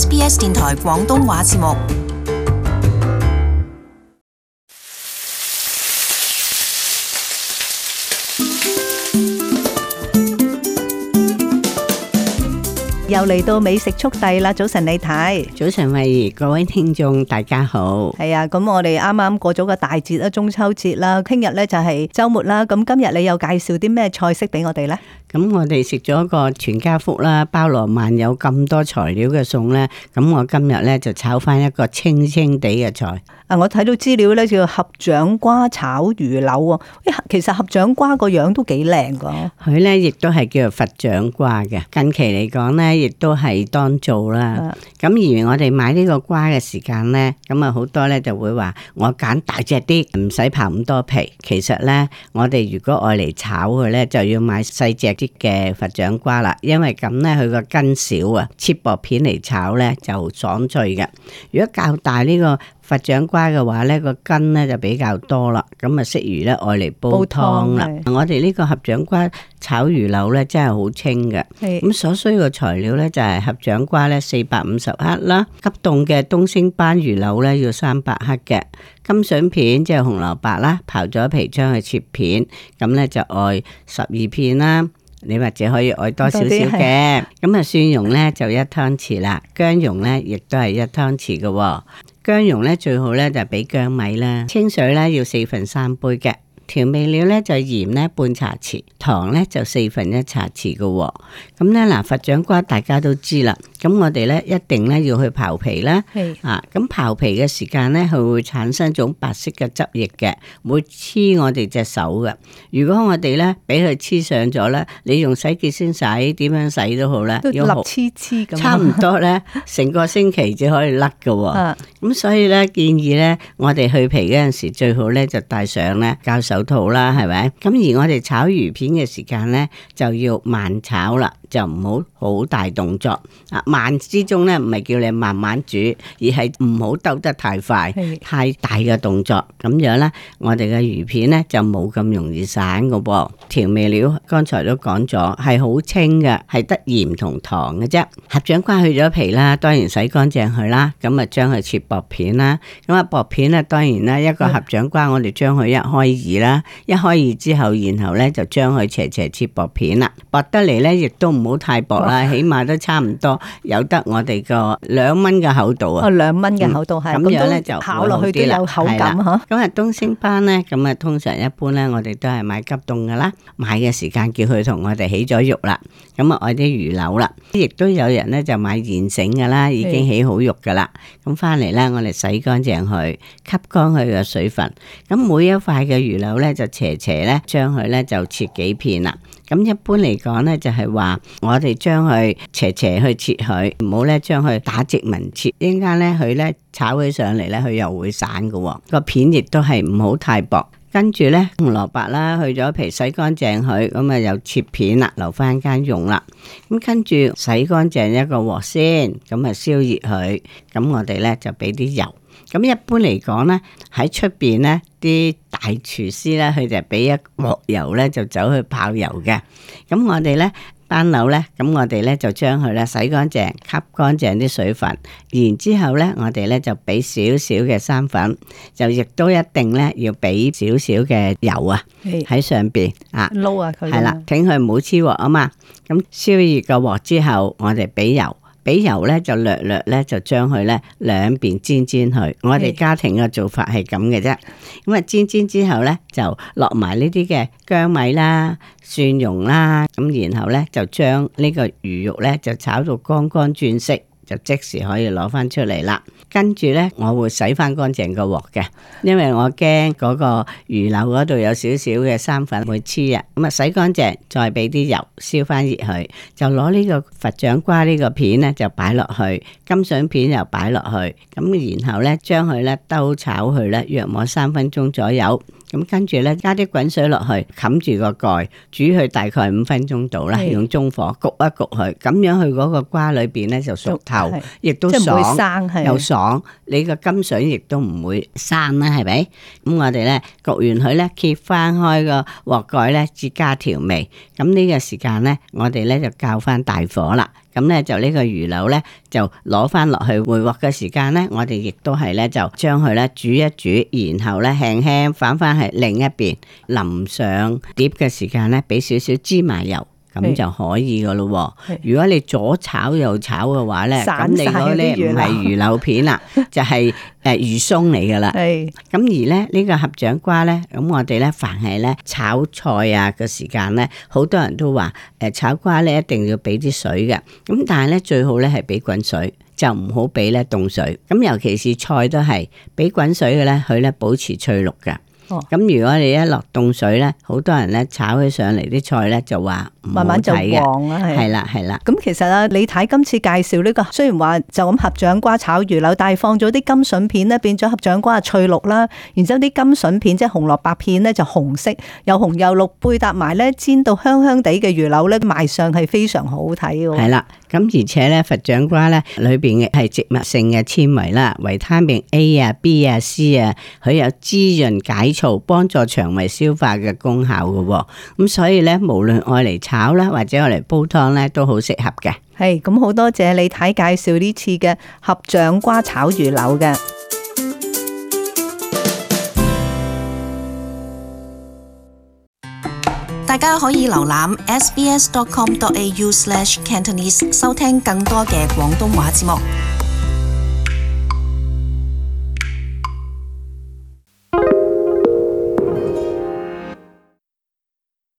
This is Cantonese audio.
SBS 電台廣東話節目。又嚟到美食速遞啦！早晨，李太。早晨，喂各位聽眾，大家好。係啊，咁我哋啱啱過咗個大節啦，中秋節啦。聽日咧就係周末啦。咁今日你又介紹啲咩菜式俾我哋咧？咁我哋食咗個全家福啦，包羅萬有咁多材料嘅餸咧。咁我今日咧就炒翻一個清清地嘅菜。啊，我睇到資料咧叫合掌瓜炒魚柳。其實合掌瓜個樣都幾靚噶。佢咧亦都係叫做佛掌瓜嘅。近期嚟講咧。亦都係當做啦，咁而我哋買呢個瓜嘅時間呢，咁啊好多呢就會話我揀大隻啲，唔使刨咁多皮。其實呢，我哋如果愛嚟炒佢呢，就要買細隻啲嘅佛掌瓜啦，因為咁呢，佢個根少啊，切薄片嚟炒呢，就爽脆嘅。如果較大呢個。佛掌瓜嘅話呢個根呢就比較多啦，咁啊，適宜呢愛嚟煲湯啦。湯我哋呢個合掌瓜炒魚柳呢真係好清嘅。咁是所需嘅材料呢就係、是、合掌瓜呢四百五十克啦，急凍嘅東星斑魚柳呢要三百克嘅，金筍片即係、就是、紅蘿蔔啦，刨咗皮將佢切片，咁呢就愛十二片啦。你或者可以愛多少少嘅。咁啊，蒜蓉呢就一湯匙啦，薑蓉呢亦都係一湯匙嘅。薑蓉最好就俾薑米啦，清水要四分三杯嘅，調味料就鹽半茶匙，糖就四分一茶匙嘅，咁咧，嗱，佛掌瓜大家都知啦。咁我哋咧一定咧要去刨皮啦，是啊，咁刨皮嘅時間咧，佢會產生種白色嘅汁液嘅，會黐我哋隻手嘅。如果我哋咧俾佢黐上咗咧，你用洗潔先洗，點樣洗好都好啦，都黐黐咁。差唔多咧，成個星期至可以甩噶、啊，咁 所以咧建議咧，我哋去皮嗰陣時最好咧就戴上咧膠手套啦，係咪？咁而我哋炒魚片嘅時間咧就要慢炒啦。就唔好好大動作啊！慢之中咧，唔係叫你慢慢煮，而係唔好兜得太快、的太大嘅動作咁樣咧。我哋嘅魚片咧就冇咁容易散嘅噃。調味料剛才都講咗，係好清嘅，係得鹽同糖嘅啫。合掌瓜去咗皮啦，當然洗乾淨佢啦。咁啊，將佢切薄片啦。咁啊，薄片咧，當然啦，一個合掌瓜，我哋將佢一開二啦，一開二之後，然後咧就將佢斜斜切薄片啦。薄得嚟咧，亦都。唔好太薄啦，哇起碼都差唔多有得我哋個兩蚊嘅厚度啊、哦！兩蚊嘅厚度係咁、嗯、樣咧就落去啲有口感。咁的啊，東星斑咧，咁啊通常一般咧，我哋都係買急凍噶啦。買嘅時間叫佢同我哋起咗肉啦。咁啊，我啲魚柳啦，亦都有人咧就買現成噶啦，已經起好肉噶啦。咁翻嚟咧，我哋洗乾淨佢，吸乾佢嘅水分。咁每一塊嘅魚柳咧，就斜斜咧，將佢咧就切幾片啦。咁一般嚟講咧，就係話我哋將佢斜斜去切佢，唔好咧將佢打直紋切，一陣間咧佢咧炒起上嚟咧，佢又會散㗎喎、哦。個片亦都係唔好太薄，跟住咧紅蘿蔔啦，去咗皮，洗乾淨佢，咁啊又切片啦，留翻間用啦。咁跟住洗乾淨一個鑊先，咁啊燒熱佢，咁我哋咧就俾啲油。咁一般嚟講咧喺出邊咧。啲大廚師咧，佢就俾一鑊油咧，就走去泡油嘅。咁我哋咧班柳咧，咁我哋咧就將佢咧洗乾淨，吸乾淨啲水分，然之後咧，我哋咧就俾少少嘅生粉，就亦都一定咧要俾少少嘅油面是啊喺上邊啊撈啊佢係啦，整佢唔好黐鑊啊嘛。咁燒熱個鑊之後，我哋俾油。俾油咧就略略咧就將佢咧兩邊煎煎佢，我哋家庭嘅做法係咁嘅啫。咁啊煎煎之後咧就落埋呢啲嘅薑米啦、蒜蓉啦，咁然後咧就將呢個魚肉咧就炒到乾乾轉色。就即時可以攞翻出嚟啦，跟住呢，我會洗翻乾淨個鑊嘅，因為我驚嗰個魚柳嗰度有少少嘅生粉會黐啊，咁啊洗乾淨，再俾啲油燒翻熱佢。就攞呢個佛掌瓜呢個片呢，就擺落去，金筍片又擺落去，咁然後呢，將佢呢兜炒佢呢約莫三分鐘左右。咁跟住咧，加啲滾水落去，冚住個蓋，煮佢大概五分鐘到啦，是用中火焗一焗佢，咁樣佢嗰個瓜裏邊咧就熟透，亦都爽，即係唔會生，係，又爽。你個金水亦都唔會生啦，係咪？咁、嗯、我哋咧焗完佢咧，揭翻開個鑊蓋咧，至加調味。咁、嗯、呢、呢個時間咧，我哋咧就教翻大火啦。咁咧、嗯、就呢個魚柳咧就攞翻落去回鑊嘅時間咧，我哋亦都係咧就將佢咧煮一煮，然後咧輕輕反翻喺另一邊淋上碟嘅時間咧，俾少少芝麻油。咁就可以噶咯。如果你左炒右炒嘅話咧，咁的你嗰啲唔係魚柳片啦， 就係誒魚鬆嚟噶啦。咁的而咧呢個合掌瓜咧，咁我哋咧凡係咧炒菜啊嘅時間咧，好多人都話誒炒瓜咧一定要俾啲水嘅。咁但係咧最好咧係俾滾水，就唔好俾咧凍水。咁尤其是菜都係俾滾水嘅咧，佢咧保持翠綠噶。咁、哦、如果你一落凍水咧，好多人咧炒起上嚟啲菜咧就話慢慢就黃啦，係啦係啦。咁其實啊，你睇今次介紹呢、這個雖然話就咁合掌瓜炒魚柳，但係放咗啲甘筍片咧，變咗合掌瓜嘅翠綠啦。然之後啲甘筍片即係紅蘿蔔片咧就紅色，又紅又綠，配搭埋咧煎到香香地嘅魚柳咧，賣相係非常好睇嘅。係啦，咁而且咧佛掌瓜咧裏邊嘅係植物性嘅纖維啦，維他命 A 啊、B 啊、C 啊，佢有滋潤解。助，幫助腸胃消化嘅功效㗎喎，咁所以咧，無論愛嚟炒啦，或者愛嚟煲湯咧，都好適合嘅。係，咁好多謝你睇介紹呢次嘅合掌瓜炒魚柳嘅。大家可以瀏覽 sbs.com.au/cantonese 收聽更多嘅廣東話節目。